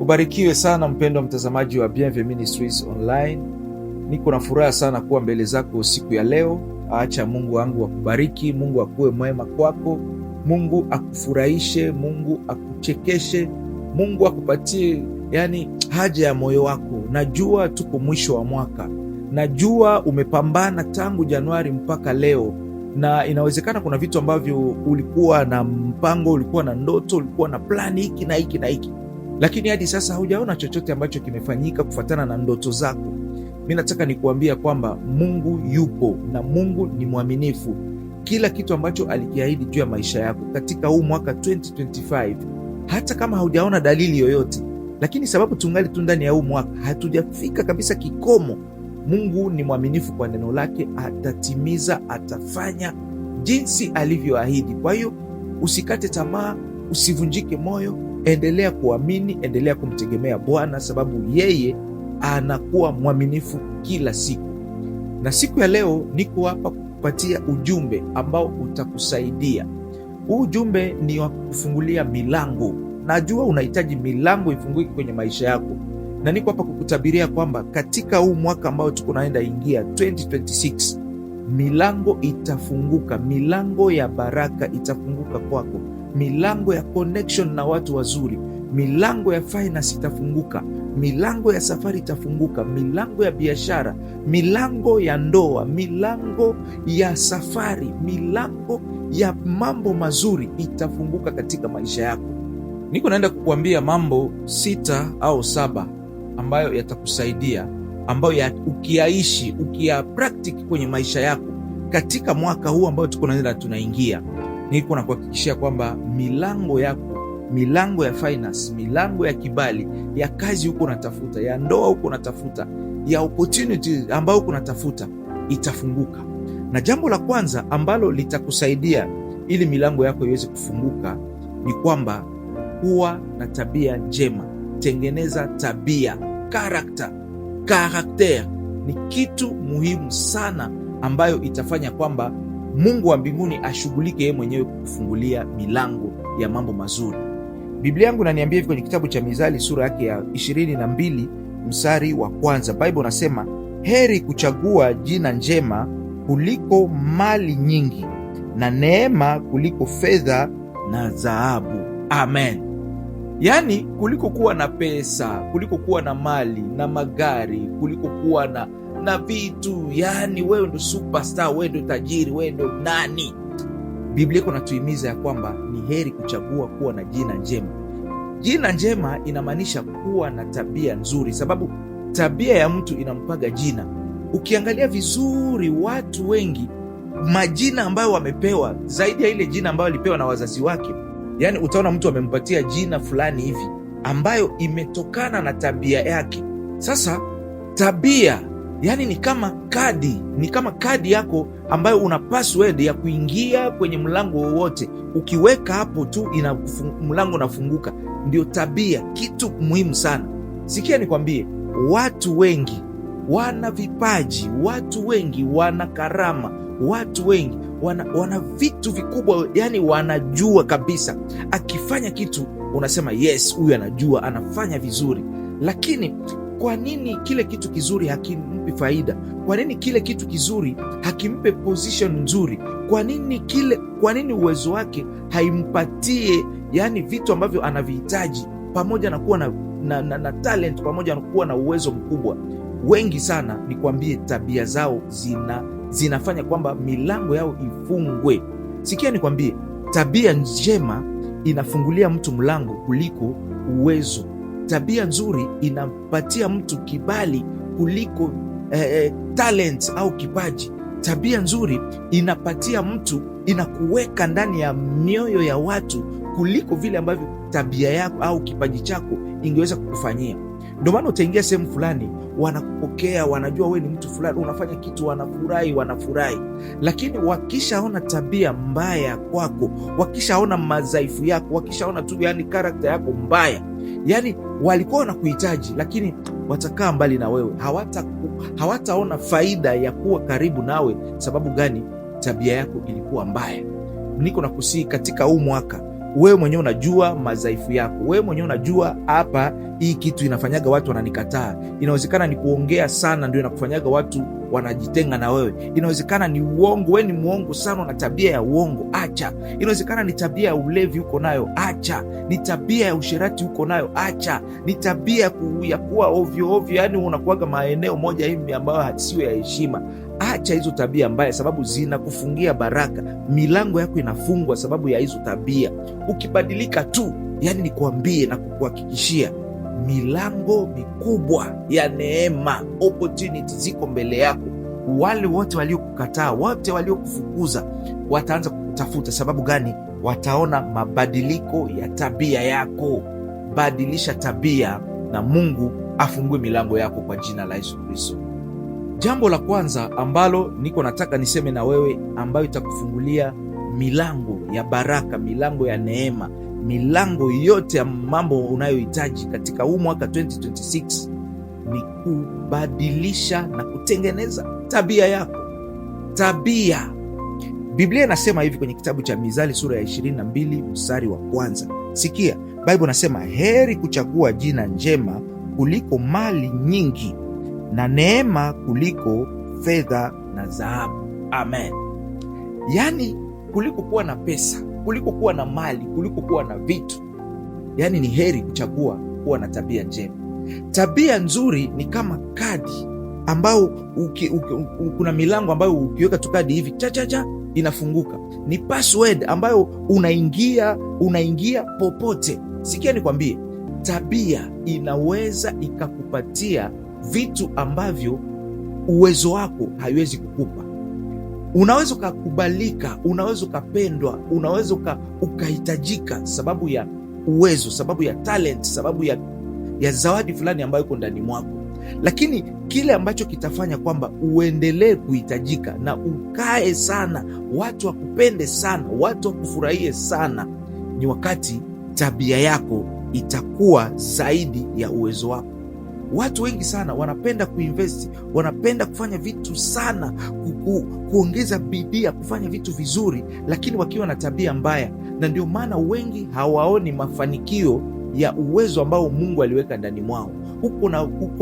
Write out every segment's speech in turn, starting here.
Ubarikiwe sana mpendwa mtazamaji wa Bienve Ministries Online. Niko na furaha sana kuwa mbele zako siku ya leo. Acha Mungu wangu akubariki, Mungu akuwe mwema kwako, Mungu akufurahishe, Mungu akuchekeshe, Mungu akupatie yani haja ya moyo wako. Najua tuko mwisho wa mwaka, najua umepambana tangu Januari mpaka leo, na inawezekana kuna vitu ambavyo ulikuwa na mpango, ulikuwa na ndoto, ulikuwa na plani hiki na hiki na hiki lakini hadi sasa hujaona chochote ambacho kimefanyika kufuatana na ndoto zako. Mi nataka nikuambia kwamba Mungu yupo na Mungu ni mwaminifu. Kila kitu ambacho alikiahidi juu ya maisha yako katika huu mwaka 2025 hata kama haujaona dalili yoyote, lakini sababu tungali tu ndani ya huu mwaka, hatujafika kabisa kikomo. Mungu ni mwaminifu kwa neno lake, atatimiza, atafanya jinsi alivyoahidi. Kwa hiyo usikate tamaa, usivunjike moyo endelea kuamini, endelea kumtegemea Bwana sababu yeye anakuwa mwaminifu kila siku. Na siku ya leo niko hapa kukupatia ujumbe ambao utakusaidia. Huu ujumbe ni wa kufungulia milango. Najua unahitaji milango ifunguike kwenye maisha yako, na niko hapa kukutabiria kwamba katika huu mwaka ambao tuko naenda ingia 2026 milango itafunguka, milango ya baraka itafunguka kwako milango ya connection na watu wazuri, milango ya finance itafunguka, milango ya safari itafunguka, milango ya biashara, milango ya ndoa, milango ya safari, milango ya mambo mazuri itafunguka katika maisha yako. Niko naenda kukuambia mambo sita au saba ambayo yatakusaidia, ambayo ya ukiyaishi, ukiyapraktiki kwenye maisha yako katika mwaka huu ambao tuko naenda tunaingia niko na kuhakikishia kwamba milango yako milango ya finance, milango ya kibali, ya kazi huko unatafuta, ya ndoa huko unatafuta, ya opportunity ambayo huko unatafuta itafunguka. Na jambo la kwanza ambalo litakusaidia ili milango yako iweze kufunguka ni kwamba kuwa na tabia njema. Tengeneza tabia, karakta. Karakter ni kitu muhimu sana ambayo itafanya kwamba Mungu wa mbinguni ashughulike yeye mwenyewe kukufungulia milango ya mambo mazuri. Biblia yangu naniambia hivi kwenye kitabu cha Mizali sura yake ya 22 mstari wa kwanza, baibl nasema heri kuchagua jina njema kuliko mali nyingi na neema kuliko fedha na dhahabu. Amen. Yaani, kuliko kuwa na pesa, kuliko kuwa na mali na magari, kuliko kuwa na na vitu, yani wewe ndo superstar, wewe ndo tajiri, wewe ndo nani. Biblia iko natuhimiza ya kwamba ni heri kuchagua kuwa na jina njema. Jina njema inamaanisha kuwa na tabia nzuri, sababu tabia ya mtu inampaga jina. Ukiangalia vizuri, watu wengi majina ambayo wamepewa zaidi ya ile jina ambayo alipewa na wazazi wake, yani utaona mtu amempatia jina fulani hivi ambayo imetokana na tabia yake. Sasa tabia yani ni kama kadi, ni kama kadi yako ambayo una password ya kuingia kwenye mlango wowote. Ukiweka hapo tu ina mlango unafunguka. Ndio tabia, kitu muhimu sana. Sikia nikwambie, watu wengi wana vipaji, watu wengi wana karama, watu wengi wana, wana vitu vikubwa, yani wanajua kabisa. Akifanya kitu unasema yes, huyu anajua, anafanya vizuri, lakini kwa nini kile kitu kizuri hakimpi faida? Kwa nini kile kitu kizuri hakimpe position nzuri? Kwa nini kile, kwa nini uwezo wake haimpatie yani vitu ambavyo anavihitaji, pamoja na kuwa na, na, na, na talent pamoja na kuwa na uwezo mkubwa? Wengi sana nikwambie, tabia zao zina, zinafanya kwamba milango yao ifungwe. Sikia nikwambie, tabia njema inafungulia mtu mlango kuliko uwezo tabia nzuri inampatia mtu kibali kuliko eh, eh, talent au kipaji. Tabia nzuri inapatia mtu, inakuweka ndani ya mioyo ya watu kuliko vile ambavyo tabia yako au kipaji chako ingeweza kukufanyia. Ndio maana utaingia sehemu fulani, wanakupokea, wanajua wewe ni mtu fulani, unafanya kitu, wanafurahi, wanafurahi. Lakini wakishaona tabia mbaya kwako, wakishaona madhaifu yako, wakishaona tu yani karakta yako mbaya, yani walikuwa wanakuhitaji, lakini watakaa mbali na wewe, hawataona hawata faida ya kuwa karibu nawe. Sababu gani? Tabia yako ilikuwa mbaya. Niko nakusihi katika huu mwaka wewe mwenyewe unajua madhaifu yako, wewe mwenyewe unajua hapa, hii kitu inafanyaga watu wananikataa. Inawezekana ni kuongea sana ndio inakufanyaga watu wanajitenga na wewe. Inawezekana ni uongo, wewe ni mwongo sana, una tabia ya uongo, acha. Inawezekana ni tabia ya ulevi uko nayo, acha. Ni tabia ya usherati uko nayo, acha. Ni tabia ya kuwa ovyoovyo yani unakuwaga maeneo moja hivi ambayo hasio ya heshima Acha hizo tabia mbaya, sababu zinakufungia baraka. Milango yako inafungwa sababu ya hizo tabia. Ukibadilika tu, yani kuambie na kukuhakikishia, milango mikubwa ya neema, opportunity ziko mbele yako. Wale wote waliokukataa, wote waliokufukuza wataanza kukutafuta. Sababu gani? Wataona mabadiliko ya tabia yako. Badilisha tabia na Mungu afungue milango yako kwa jina la Yesu Kristo. Jambo la kwanza ambalo niko nataka niseme na wewe, ambayo itakufungulia milango ya baraka, milango ya neema, milango yote ya mambo unayohitaji katika huu mwaka 2026 ni kubadilisha na kutengeneza tabia yako. Tabia, Biblia inasema hivi kwenye kitabu cha Mizali sura ya 22 mstari wa kwanza. Sikia Biblia inasema, heri kuchagua jina njema kuliko mali nyingi na neema kuliko fedha na dhahabu. Amen. Yaani, kuliko kuwa na pesa, kuliko kuwa na mali, kuliko kuwa na vitu, yaani ni heri kuchagua kuwa na tabia njema. Tabia nzuri ni kama kadi ambao uki, uki, uki, kuna milango ambayo ukiweka tu kadi hivi cha cha cha inafunguka. Ni password ambayo unaingia unaingia popote. Sikia nikwambie, tabia inaweza ikakupatia vitu ambavyo uwezo wako haiwezi kukupa. Unaweza ukakubalika, unaweza ukapendwa, unaweza ukahitajika sababu ya uwezo, sababu ya talent, sababu ya, ya zawadi fulani ambayo iko ndani mwako, lakini kile ambacho kitafanya kwamba uendelee kuhitajika na ukae sana, watu wakupende sana, watu wakufurahie sana, ni wakati tabia yako itakuwa zaidi ya uwezo wako. Watu wengi sana wanapenda kuinvesti, wanapenda kufanya vitu sana, kuku, kuongeza bidii ya kufanya vitu vizuri, lakini wakiwa na tabia mbaya, na ndio maana wengi hawaoni mafanikio ya uwezo ambao Mungu aliweka ndani mwao. Uko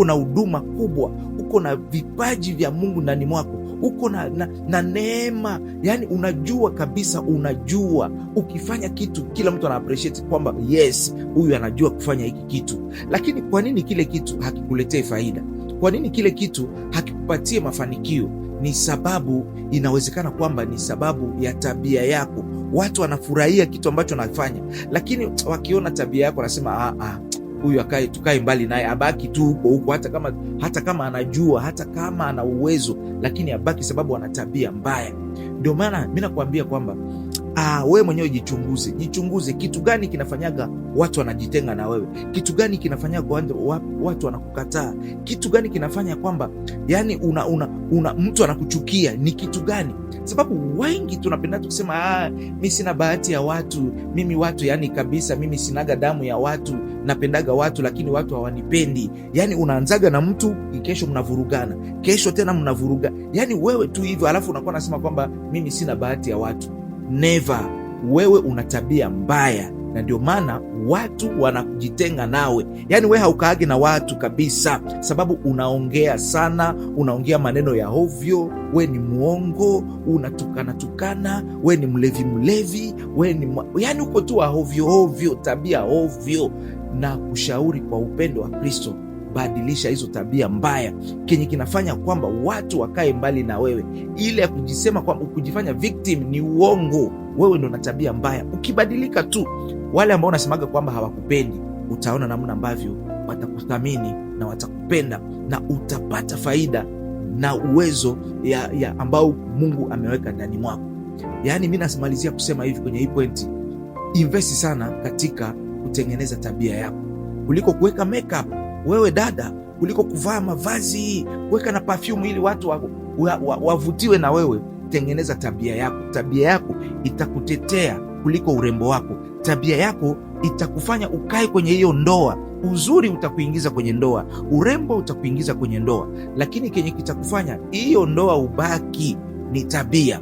na huduma kubwa, uko na vipaji vya Mungu ndani mwako uko na, na, na neema yani, unajua kabisa, unajua ukifanya kitu kila mtu ana appreciate kwamba yes, huyu anajua kufanya hiki kitu. Lakini kwa nini kile kitu hakikuletee faida? Kwa nini kile kitu hakikupatie mafanikio? Ni sababu inawezekana kwamba ni sababu ya tabia yako. Watu wanafurahia kitu ambacho anafanya, lakini wakiona tabia yako wanasema ah, ah, huyu akae, tukae mbali naye, abaki tu huko huko, hata kama, hata kama anajua, hata kama ana uwezo, lakini abaki, sababu ana tabia mbaya. Ndio maana mi nakuambia kwamba Ah, we mwenyewe jichunguze, jichunguze kitu gani kinafanyaga watu wanajitenga na wewe, kitu gani kinafanyaga watu wanakukataa, kitu gani kinafanya kwamba yani una, una, una mtu anakuchukia ni kitu gani? Sababu wengi tunapenda tukisema, ah, mi sina bahati ya watu, mimi watu yani kabisa, mimi sinaga damu ya watu, napendaga watu lakini watu hawanipendi. Yani unaanzaga na mtu, kesho mnavurugana, kesho tena mnavuruga, yani wewe tu hivyo, alafu unakuwa nasema kwamba mimi sina bahati ya watu neva wewe una tabia mbaya, na ndio maana watu wanakujitenga nawe. Yaani wee haukaagi na watu kabisa, sababu unaongea sana, unaongea maneno ya ovyo, we ni mwongo, unatukanatukana wee we ni mlevi mlevi, we ni mwa... yaani uko tu wa ovyo ovyo, tabia ovyo, na kushauri kwa upendo wa Kristo badilisha hizo tabia mbaya, kenye kinafanya kwamba watu wakae mbali na wewe. Ile ya kujisema kwamba kujifanya victim ni uongo, wewe ndo na tabia mbaya. Ukibadilika tu, wale ambao unasemaga kwamba hawakupendi utaona namna ambavyo watakuthamini na watakupenda na utapata faida na uwezo ya, ya ambao Mungu ameweka ndani mwako. Yaani, mi nasimalizia kusema hivi kwenye hii pointi, investi sana katika kutengeneza tabia yako kuliko kuweka makeup wewe dada, kuliko kuvaa mavazi, weka na perfume ili watu wavutiwe wa, wa, wa na wewe. Tengeneza tabia yako. Tabia yako itakutetea kuliko urembo wako. Tabia yako itakufanya ukae kwenye hiyo ndoa. Uzuri utakuingiza kwenye ndoa, urembo utakuingiza kwenye ndoa, lakini kenye kitakufanya hiyo ndoa ubaki ni tabia.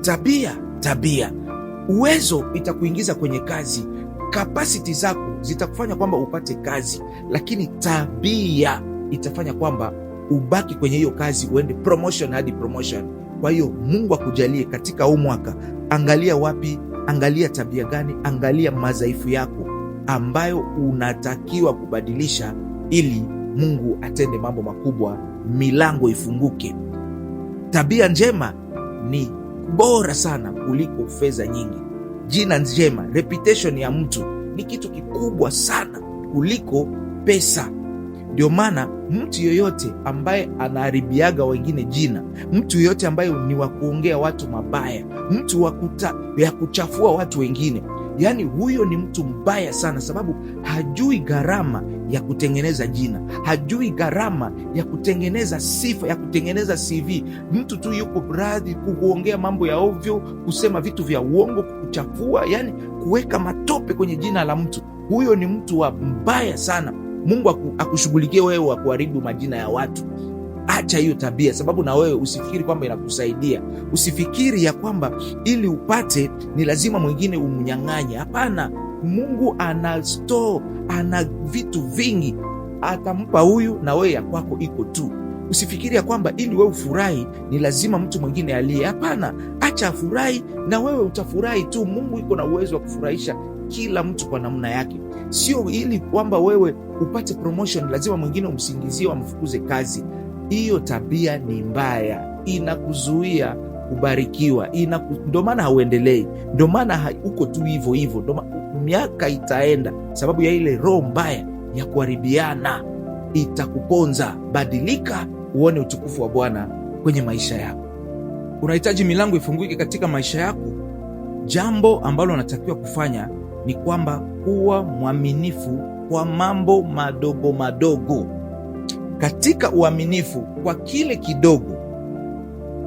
Tabia, tabia. Uwezo itakuingiza kwenye kazi kapasiti zako zitakufanya kwamba upate kazi, lakini tabia itafanya kwamba ubaki kwenye hiyo kazi, uende promotion hadi promotion. Kwa hiyo Mungu akujalie katika huu mwaka, angalia wapi, angalia tabia gani, angalia madhaifu yako ambayo unatakiwa kubadilisha ili Mungu atende mambo makubwa, milango ifunguke. Tabia njema ni bora sana kuliko fedha nyingi jina njema, reputation ya mtu ni kitu kikubwa sana kuliko pesa. Ndio maana mtu yoyote ambaye anaharibiaga wengine jina, mtu yoyote ambaye ni wa kuongea watu mabaya, mtu wa ya kuchafua watu wengine, yaani huyo ni mtu mbaya sana, sababu hajui gharama ya kutengeneza jina, hajui gharama ya kutengeneza sifa, ya kutengeneza CV. Mtu tu yuko radhi kuongea mambo ya ovyo, kusema vitu vya uongo kuchafua, yani kuweka matope kwenye jina la mtu, huyo ni mtu wa mbaya sana. Mungu akushughulikie wewe wa kuharibu majina ya watu. Acha hiyo tabia, sababu na wewe usifikiri kwamba inakusaidia. Usifikiri ya kwamba ili upate ni lazima mwingine umnyang'anye. Hapana, Mungu ana store, ana vitu vingi, atampa huyu na wewe ya kwako iko tu. Usifikiri ya kwamba ili wewe ufurahi ni lazima mtu mwingine aliye. Hapana, acha afurahi na wewe utafurahi tu. Mungu iko na uwezo wa kufurahisha kila mtu kwa namna yake. Sio ili kwamba wewe upate promotion lazima mwingine umsingizie, wamfukuze kazi. Hiyo tabia ni mbaya, inakuzuia kubarikiwa, ndo maana hauendelei, ndo maana uko tu hivo hivo Miaka itaenda sababu ya ile roho mbaya ya kuharibiana itakuponza. Badilika uone utukufu wa Bwana kwenye maisha yako. Unahitaji milango ifunguke katika maisha yako. Jambo ambalo unatakiwa kufanya ni kwamba kuwa mwaminifu kwa mambo madogo madogo. Katika uaminifu kwa kile kidogo,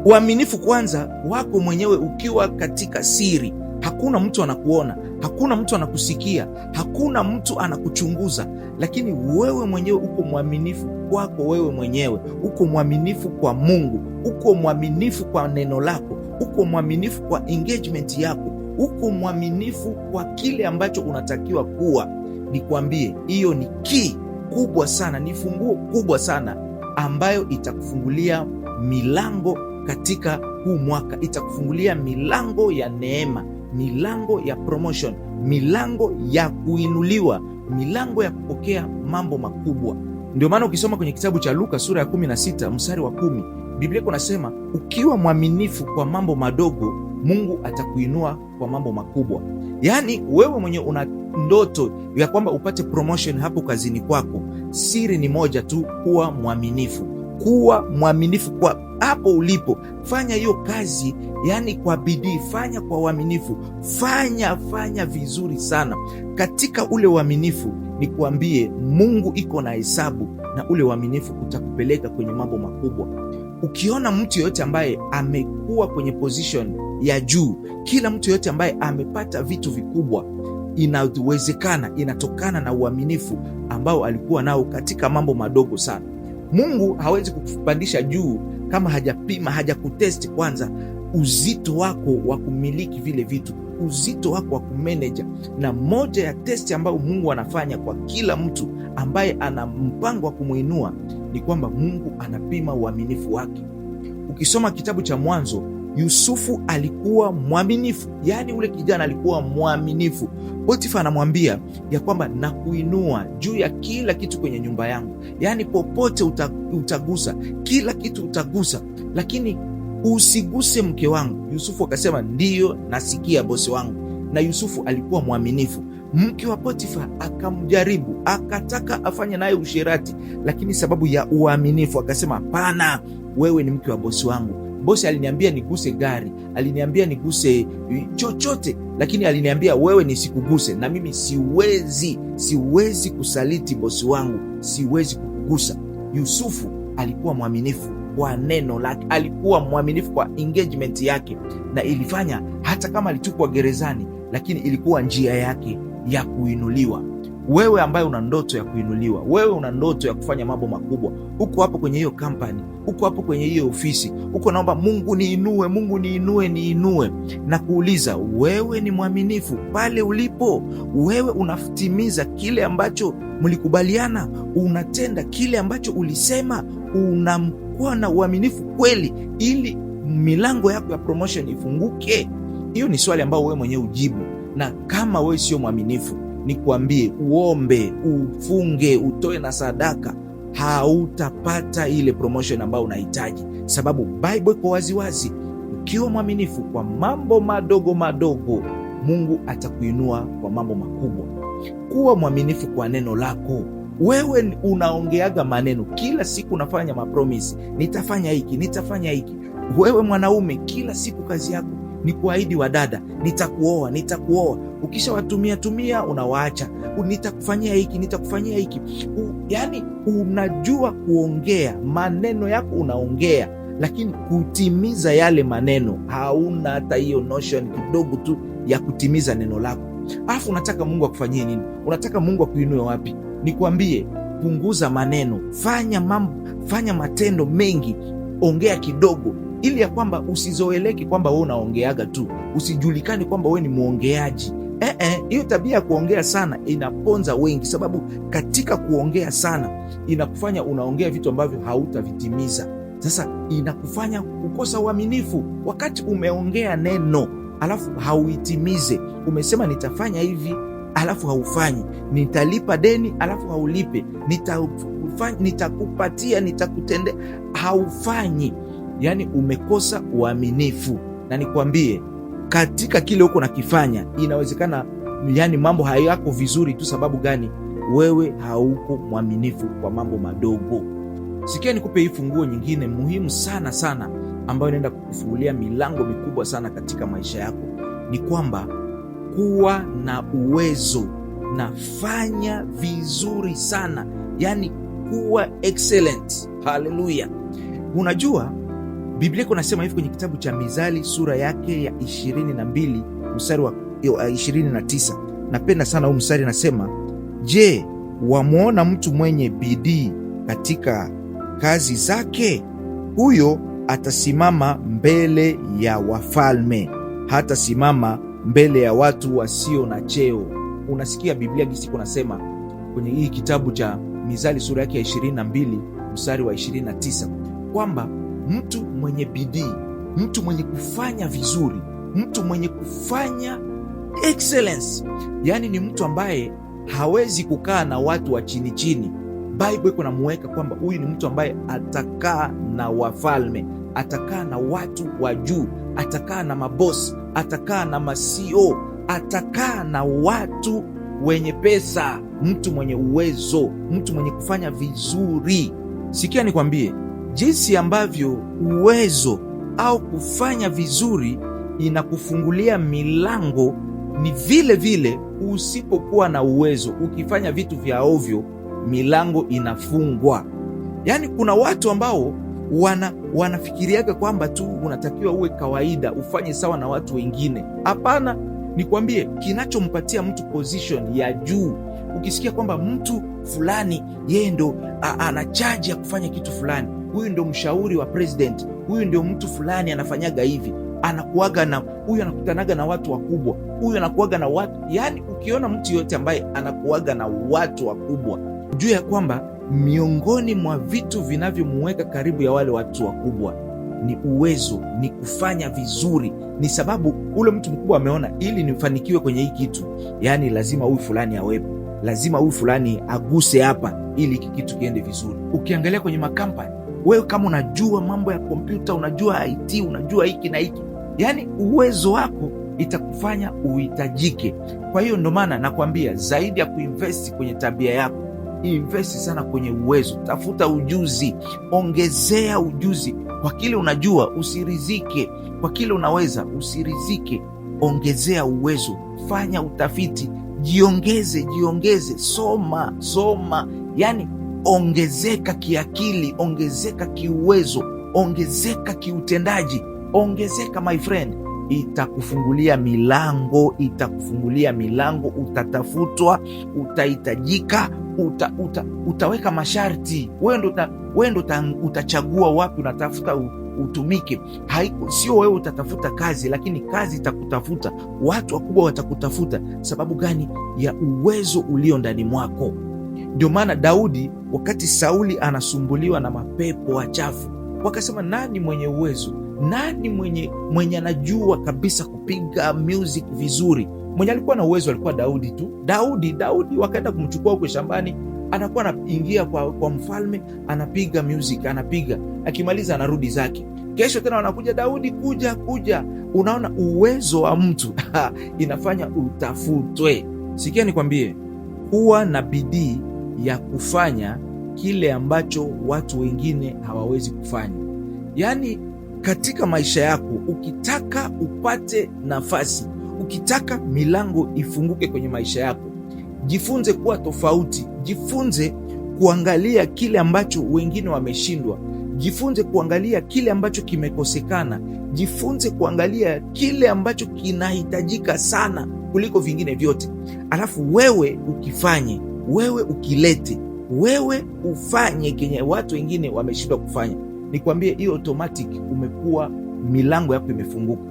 uaminifu kwanza wako mwenyewe ukiwa katika siri, hakuna mtu anakuona hakuna mtu anakusikia, hakuna mtu anakuchunguza, lakini wewe mwenyewe uko mwaminifu kwako wewe mwenyewe, uko mwaminifu kwa Mungu, uko mwaminifu kwa neno lako, uko mwaminifu kwa engagement yako, uko mwaminifu kwa kile ambacho unatakiwa kuwa. Nikwambie, hiyo ni kii kubwa sana, ni funguo kubwa sana ambayo itakufungulia milango katika huu mwaka, itakufungulia milango ya neema milango ya promotion, milango ya kuinuliwa, milango ya kupokea mambo makubwa. Ndio maana ukisoma kwenye kitabu cha Luka sura ya 16 mstari wa 10, Biblia nasema ukiwa mwaminifu kwa mambo madogo, Mungu atakuinua kwa mambo makubwa. Yaani wewe mwenye una ndoto ya kwamba upate promotion hapo kazini kwako, siri ni moja tu, kuwa mwaminifu kuwa mwaminifu kwa hapo ulipo. Fanya hiyo kazi, yani kwa bidii, fanya kwa uaminifu, fanya fanya vizuri sana katika ule uaminifu. Nikuambie, Mungu iko na hesabu, na ule uaminifu utakupeleka kwenye mambo makubwa. Ukiona mtu yeyote ambaye amekuwa kwenye position ya juu, kila mtu yoyote ambaye amepata vitu vikubwa inawezekana inatokana na uaminifu ambao alikuwa nao katika mambo madogo sana. Mungu hawezi kukupandisha juu kama hajapima, hajakutesti kwanza uzito wako wa kumiliki vile vitu, uzito wako wa kumeneja. Na moja ya testi ambayo Mungu anafanya kwa kila mtu ambaye ana mpango wa kumwinua ni kwamba Mungu anapima uaminifu wake. Ukisoma kitabu cha Mwanzo Yusufu alikuwa mwaminifu, yaani ule kijana alikuwa mwaminifu. Potifa anamwambia ya kwamba nakuinua juu ya kila kitu kwenye nyumba yangu, yaani popote utagusa, kila kitu utagusa, lakini usiguse mke wangu. Yusufu akasema ndiyo, nasikia bosi wangu. Na Yusufu alikuwa mwaminifu. Mke wa Potifa akamjaribu, akataka afanye naye usherati, lakini sababu ya uaminifu akasema hapana, wewe ni mke wa bosi wangu. Bosi aliniambia niguse gari, aliniambia niguse eh, chochote, lakini aliniambia wewe nisikuguse, na mimi siwezi, siwezi kusaliti bosi wangu, siwezi kukugusa. Yusufu alikuwa mwaminifu kwa neno lake, alikuwa mwaminifu kwa engagement yake, na ilifanya hata kama alitupwa gerezani, lakini ilikuwa njia yake ya kuinuliwa. Wewe ambaye una ndoto ya kuinuliwa, wewe una ndoto ya kufanya mambo makubwa, uko hapo kwenye hiyo kampani, uko hapo kwenye hiyo ofisi, uko naomba Mungu niinue, Mungu niinue, niinue, na kuuliza wewe ni mwaminifu pale ulipo? Wewe unatimiza kile ambacho mlikubaliana? Unatenda kile ambacho ulisema? Unamkuwa na uaminifu kweli, ili milango yako ya promotion ifunguke? Hiyo ni swali ambayo wewe mwenyewe ujibu, na kama wewe sio mwaminifu nikuambie uombe, ufunge, utoe na sadaka, hautapata ile promotion ambayo unahitaji, sababu Bible iko waziwazi, ukiwa mwaminifu kwa mambo madogo madogo, Mungu atakuinua kwa mambo makubwa. Kuwa mwaminifu kwa neno lako. Wewe unaongeaga maneno kila siku, unafanya mapromisi, nitafanya hiki, nitafanya hiki. Wewe mwanaume, kila siku kazi yako ni kuahidi dada nitakuoa, nitakuoa. Ukishawatumia tumia unawaacha, nitakufanyia hiki, nitakufanyia hiki. Yaani unajua kuongea, maneno yako unaongea, lakini kutimiza yale maneno hauna hata hiyo notion kidogo tu ya kutimiza neno lako. Alafu unataka Mungu akufanyie nini? Unataka Mungu akuinue wapi? Nikwambie, punguza maneno, fanya mambo, fanya matendo mengi, ongea kidogo ili ya kwamba usizoeleki kwamba we unaongeaga tu, usijulikane kwamba we ni mwongeaji. Eh, eh, hiyo tabia ya kuongea sana inaponza wengi, sababu katika kuongea sana inakufanya unaongea vitu ambavyo hautavitimiza. Sasa inakufanya kukosa uaminifu. Wakati umeongea neno alafu hauitimize, umesema nitafanya hivi alafu haufanyi, nitalipa deni alafu haulipe, nitakupatia, nitakutendea, haufanyi yani umekosa uaminifu. Na nikwambie katika kile huko nakifanya, inawezekana yani mambo hayako vizuri tu. Sababu gani? Wewe hauko mwaminifu kwa mambo madogo. Sikia nikupe hii funguo nyingine muhimu sana sana, ambayo inaenda kukufungulia milango mikubwa sana katika maisha yako, ni kwamba kuwa na uwezo na fanya vizuri sana, yani kuwa excellent. Haleluya! Unajua Biblia iko nasema hivi kwenye kitabu cha Mizali sura yake ya 22 mstari wa 29. Ah, Napenda sana huu mstari, nasema je, wamwona mtu mwenye bidii katika kazi zake? Huyo atasimama mbele ya wafalme, hatasimama mbele ya watu wasio na cheo. Unasikia Biblia gisi kunasema kwenye hii kitabu cha Mizali sura yake ya 22 mstari wa 29 kwamba Mtu mwenye bidii, mtu mwenye kufanya vizuri, mtu mwenye kufanya excellence, yaani ni mtu ambaye hawezi kukaa na watu wa chini chini. Bible iko namuweka kwamba huyu ni mtu ambaye atakaa na wafalme, atakaa na watu wa juu, atakaa na mabosi, atakaa na masio, e atakaa na watu wenye pesa, mtu mwenye uwezo, mtu mwenye kufanya vizuri. Sikia nikwambie jinsi ambavyo uwezo au kufanya vizuri inakufungulia milango, ni vile vile usipokuwa na uwezo, ukifanya vitu vya ovyo, milango inafungwa. Yaani kuna watu ambao wana wanafikiriaga kwamba tu unatakiwa uwe kawaida, ufanye sawa na watu wengine. Hapana, nikwambie, kinachompatia mtu position ya juu, ukisikia kwamba mtu fulani yeye ndo ana chaji ya kufanya kitu fulani huyu ndio mshauri wa president, huyu ndio mtu fulani anafanyaga hivi, anakuaga na huyu, anakutanaga na watu wakubwa, huyu anakuaga na watu. Yani ukiona mtu yoyote ambaye anakuaga na watu wakubwa, juu ya kwamba miongoni mwa vitu vinavyomuweka karibu ya wale watu wakubwa ni uwezo, ni kufanya vizuri, ni sababu ule mtu mkubwa ameona ili nifanikiwe kwenye hii kitu, yani lazima huyu fulani awepo, lazima huyu fulani aguse hapa ili hiki kitu kiende vizuri. Ukiangalia kwenye makampani wewe kama unajua mambo ya kompyuta, unajua IT, unajua hiki na hiki, yaani uwezo wako itakufanya uhitajike. Kwa hiyo ndo maana nakwambia zaidi ya kuinvesti kwenye tabia yako, investi sana kwenye uwezo. Tafuta ujuzi, ongezea ujuzi kwa kile unajua, usirizike kwa kile unaweza, usirizike. Ongezea uwezo, fanya utafiti, jiongeze, jiongeze, soma, soma, yani ongezeka kiakili, ongezeka kiuwezo, ongezeka kiutendaji, ongezeka my friend. Itakufungulia milango, itakufungulia milango, utatafutwa, utahitajika, uta, uta, utaweka masharti wewe ndo utachagua wapi unatafuta utumike. Sio wewe utatafuta kazi, lakini kazi itakutafuta. Watu wakubwa watakutafuta. Sababu gani? Ya uwezo ulio ndani mwako. Ndio maana Daudi, wakati Sauli anasumbuliwa na mapepo wachafu, wakasema nani mwenye uwezo, nani mwenye mwenye anajua kabisa kupiga music vizuri? Mwenye alikuwa na uwezo alikuwa Daudi tu. Daudi, Daudi wakaenda kumchukua huko shambani, anakuwa anaingia kwa, kwa mfalme, anapiga music, anapiga, akimaliza anarudi zake. Kesho tena wanakuja Daudi, kuja kuja. Unaona uwezo wa mtu inafanya utafutwe. Sikia nikwambie, kuwa na bidii ya kufanya kile ambacho watu wengine hawawezi kufanya. Yaani, katika maisha yako ukitaka upate nafasi, ukitaka milango ifunguke kwenye maisha yako, jifunze kuwa tofauti, jifunze kuangalia kile ambacho wengine wameshindwa, jifunze kuangalia kile ambacho kimekosekana, jifunze kuangalia kile ambacho kinahitajika sana kuliko vingine vyote, alafu wewe ukifanye wewe ukilete, wewe ufanye kenye watu wengine wameshindwa kufanya. Nikwambie, hiyo automatic umekuwa milango yako imefunguka.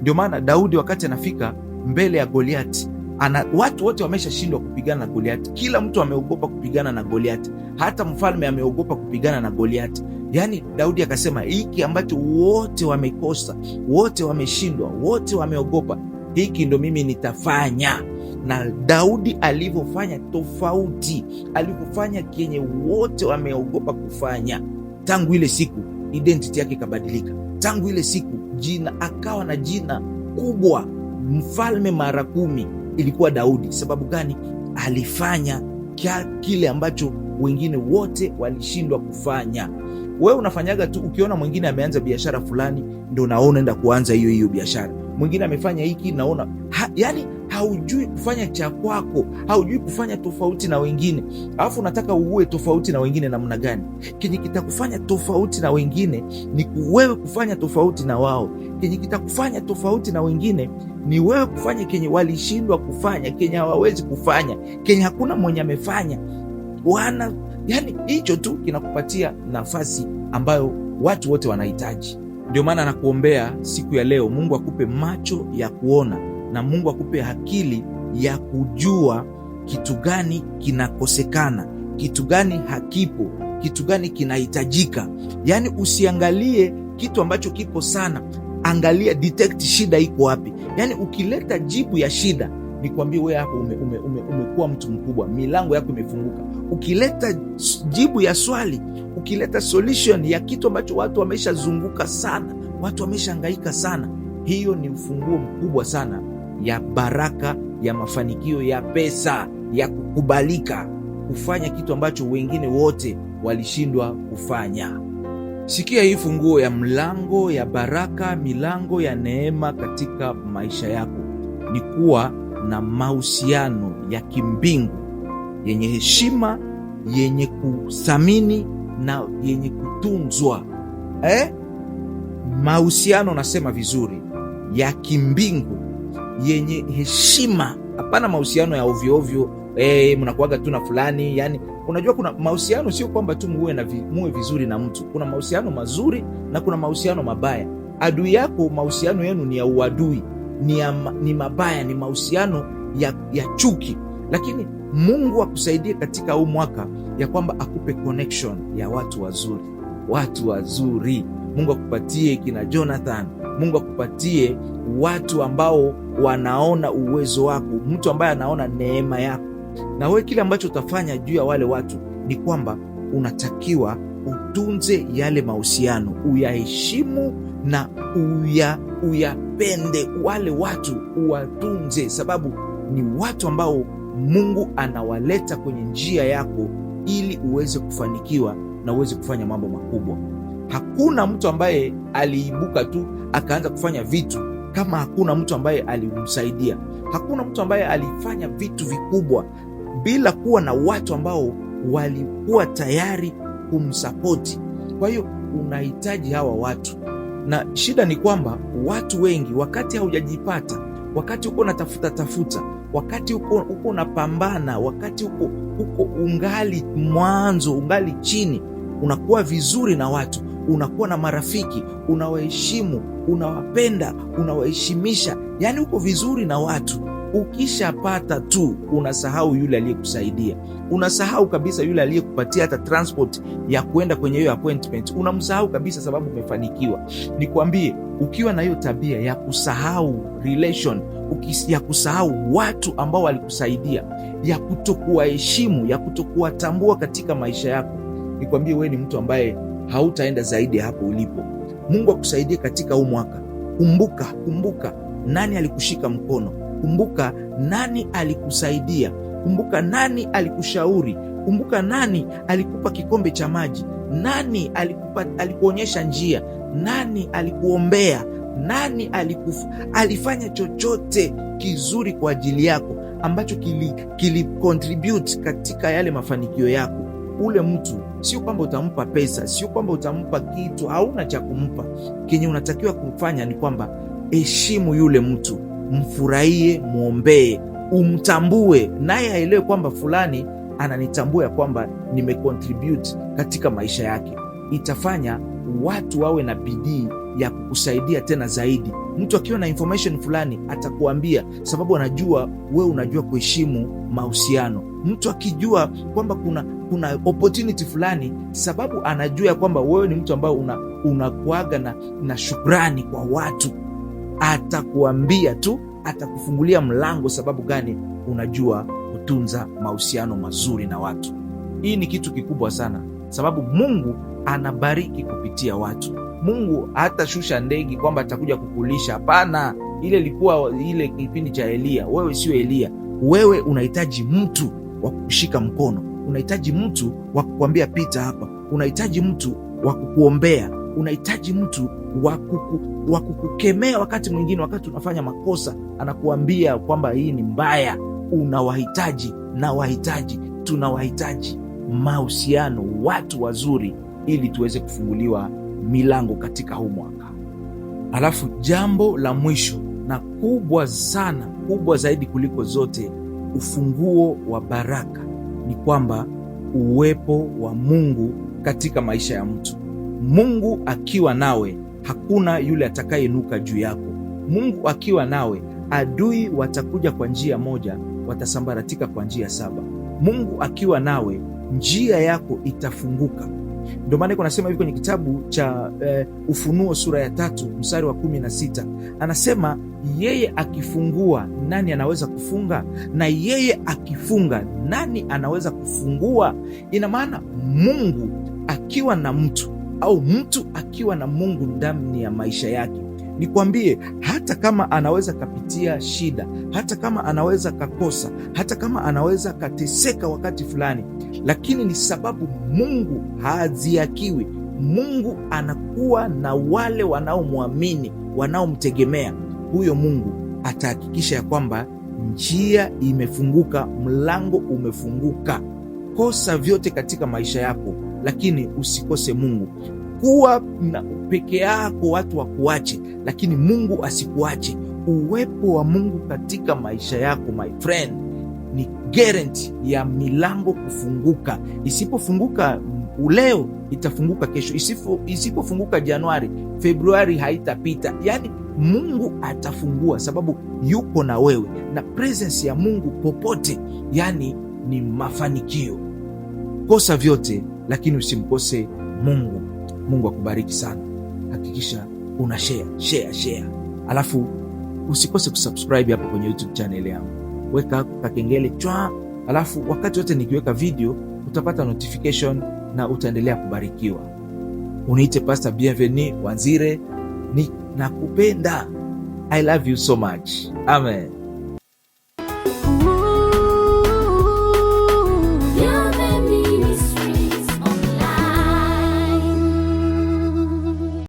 Ndio maana Daudi wakati anafika mbele ya Goliati ana, watu wote wameshashindwa kupigana na Goliati, kila mtu ameogopa kupigana na Goliati, hata mfalme ameogopa kupigana na Goliati. Yaani Daudi akasema hiki ambacho wote wamekosa, wote wameshindwa, wote wameogopa, hiki ndo mimi nitafanya na Daudi alivyofanya tofauti, alivyofanya kenye wote wameogopa kufanya. Tangu ile siku identity yake ikabadilika. Tangu ile siku jina akawa na jina kubwa, mfalme mara kumi, ilikuwa Daudi. Sababu gani? Alifanya kile ambacho wengine wote walishindwa kufanya. Wewe unafanyaga tu, ukiona mwingine ameanza biashara fulani, ndo naona enda kuanza hiyo hiyo biashara. Mwingine amefanya hiki, naona ha, yani haujui kufanya cha kwako, haujui kufanya tofauti na wengine, alafu unataka uue tofauti na wengine namna gani? Kenye kitakufanya tofauti na wengine ni wewe kufanya tofauti na wao. Kenye kitakufanya tofauti na wengine ni wewe kufanya kenye walishindwa kufanya, kenye hawawezi kufanya, kenye hakuna mwenye amefanya. Wana yani, hicho tu kinakupatia nafasi ambayo watu wote wanahitaji. Ndio maana nakuombea siku ya leo, Mungu akupe macho ya kuona na Mungu akupe akili ya kujua kitu gani kinakosekana, kitu gani hakipo, kitu gani kinahitajika. Yaani usiangalie kitu ambacho kipo sana, angalia detect shida iko wapi. Yaani ukileta jibu ya shida, nikwambie wewe hapo ume, ume, ume, umekuwa mtu mkubwa, milango yako imefunguka. Ukileta jibu ya swali, ukileta solution ya kitu ambacho watu wameshazunguka sana, watu wameshaangaika sana, hiyo ni mfunguo mkubwa sana ya baraka, ya mafanikio, ya pesa, ya kukubalika, kufanya kitu ambacho wengine wote walishindwa kufanya. Sikia hii funguo ya mlango ya baraka, milango ya neema katika maisha yako ni kuwa na mahusiano ya kimbingu yenye heshima, yenye kuthamini na yenye kutunzwa eh? Mahusiano nasema vizuri ya kimbingu yenye heshima, hapana mahusiano ya ovyoovyo Hey, eh, mnakuaga tu na fulani yani, unajua kuna mahusiano, sio kwamba tu muwe na vi, muwe vizuri na mtu. Kuna mahusiano mazuri na kuna mahusiano mabaya. Adui yako, mahusiano yenu ni ya uadui, ni, ya, ni mabaya, ni mahusiano ya, ya chuki, lakini Mungu akusaidie katika huu mwaka ya kwamba akupe connection ya watu wazuri, watu wazuri Mungu akupatie kina Jonathan, Mungu akupatie watu ambao wanaona uwezo wako, mtu ambaye anaona neema yako. Na wewe kile ambacho utafanya juu ya wale watu ni kwamba unatakiwa utunze yale mahusiano, uyaheshimu na uya uyapende wale watu, uwatunze, sababu ni watu ambao Mungu anawaleta kwenye njia yako ili uweze kufanikiwa na uweze kufanya mambo makubwa. Hakuna mtu ambaye aliibuka tu akaanza kufanya vitu kama hakuna mtu ambaye alimsaidia. Hakuna mtu ambaye alifanya vitu vikubwa bila kuwa na watu ambao walikuwa tayari kumsapoti. Kwa hiyo unahitaji hawa watu, na shida ni kwamba watu wengi, wakati haujajipata, wakati uko natafuta tafuta, wakati uko uko unapambana, wakati uko uko ungali mwanzo, ungali chini, unakuwa vizuri na watu unakuwa na marafiki, unawaheshimu, unawapenda, unawaheshimisha, yaani uko vizuri na watu. Ukishapata tu unasahau yule aliyekusaidia, unasahau kabisa yule aliyekupatia hata transport ya kuenda kwenye hiyo appointment, unamsahau kabisa sababu umefanikiwa. Nikwambie, ukiwa na hiyo tabia ya kusahau relation, ya kusahau watu ambao walikusaidia, ya kutokuwaheshimu, ya kutokuwatambua katika maisha yako, nikwambie, wewe ni mtu ambaye hautaenda zaidi ya hapo ulipo. Mungu akusaidie katika huu mwaka. Kumbuka, kumbuka nani alikushika mkono, kumbuka nani alikusaidia, kumbuka nani alikushauri, kumbuka nani alikupa kikombe cha maji, nani alikupa, alikuonyesha njia, nani alikuombea, nani alikuf, alifanya chochote kizuri kwa ajili yako ambacho kili, kili contribute katika yale mafanikio yako ule mtu, sio kwamba utampa pesa, sio kwamba utampa kitu, hauna cha kumpa. Kenye unatakiwa kufanya ni kwamba heshimu yule mtu, mfurahie, mwombee, umtambue, naye aelewe kwamba fulani ananitambua ya kwamba nimecontribute katika maisha yake. Itafanya watu wawe na bidii ya kukusaidia tena zaidi. Mtu akiwa na information fulani atakuambia, sababu anajua wewe unajua kuheshimu mahusiano. Mtu akijua kwamba kuna kuna opportunity fulani, sababu anajua ya kwamba wewe ni mtu ambaye unakuaga una na, na shukrani kwa watu, atakuambia tu, atakufungulia mlango. Sababu gani? Unajua kutunza mahusiano mazuri na watu. Hii ni kitu kikubwa sana, sababu Mungu anabariki kupitia watu. Mungu hatashusha ndege kwamba atakuja kukulisha. Hapana, ile ilikuwa ile kipindi cha Eliya. Wewe sio Eliya, wewe unahitaji mtu wa kukushika mkono, unahitaji mtu wa kukuambia pita hapa, unahitaji mtu wa kukuombea, unahitaji mtu wa kuku, wa kukukemea wakati mwingine, wakati unafanya makosa, anakuambia kwamba hii ni mbaya. Unawahitaji na wahitaji, tunawahitaji mahusiano, watu wazuri, ili tuweze kufunguliwa milango katika huu mwaka. Alafu jambo la mwisho na kubwa sana, kubwa zaidi kuliko zote, ufunguo wa baraka ni kwamba uwepo wa Mungu katika maisha ya mtu. Mungu akiwa nawe, hakuna yule atakayeinuka juu yako. Mungu akiwa nawe, adui watakuja kwa njia moja, watasambaratika kwa njia saba. Mungu akiwa nawe, njia yako itafunguka. Ndio maana anasema hivi kwenye kitabu cha eh, Ufunuo sura ya tatu mstari wa kumi na sita anasema yeye akifungua nani anaweza kufunga, na yeye akifunga nani anaweza kufungua? Ina maana Mungu akiwa na mtu au mtu akiwa na Mungu ndani ya maisha yake nikwambie, hata kama anaweza kapitia shida, hata kama anaweza kakosa, hata kama anaweza kateseka wakati fulani, lakini ni sababu Mungu haziakiwi. Mungu anakuwa na wale wanaomwamini, wanaomtegemea. Huyo Mungu atahakikisha ya kwamba njia imefunguka, mlango umefunguka. Kosa vyote katika maisha yako, lakini usikose Mungu. Kuwa na peke yako watu wakuache, lakini Mungu asikuache. Uwepo wa Mungu katika maisha yako my friend ni guarantee ya milango kufunguka. Isipofunguka uleo itafunguka kesho, isipofunguka Januari, Februari haitapita. Yani Mungu atafungua, sababu yuko na wewe, na presence ya Mungu popote, yani ni mafanikio. Kosa vyote, lakini usimkose Mungu. Mungu akubariki sana, hakikisha una share, share, share. Alafu usikose kusubscribe hapo kwenye YouTube channel yangu, weka kakengele chwa, alafu wakati wote nikiweka video utapata notification na utaendelea kubarikiwa. Uniite Pastor Bienveni Wanzire, ni nakupenda. I love you so much. Amen.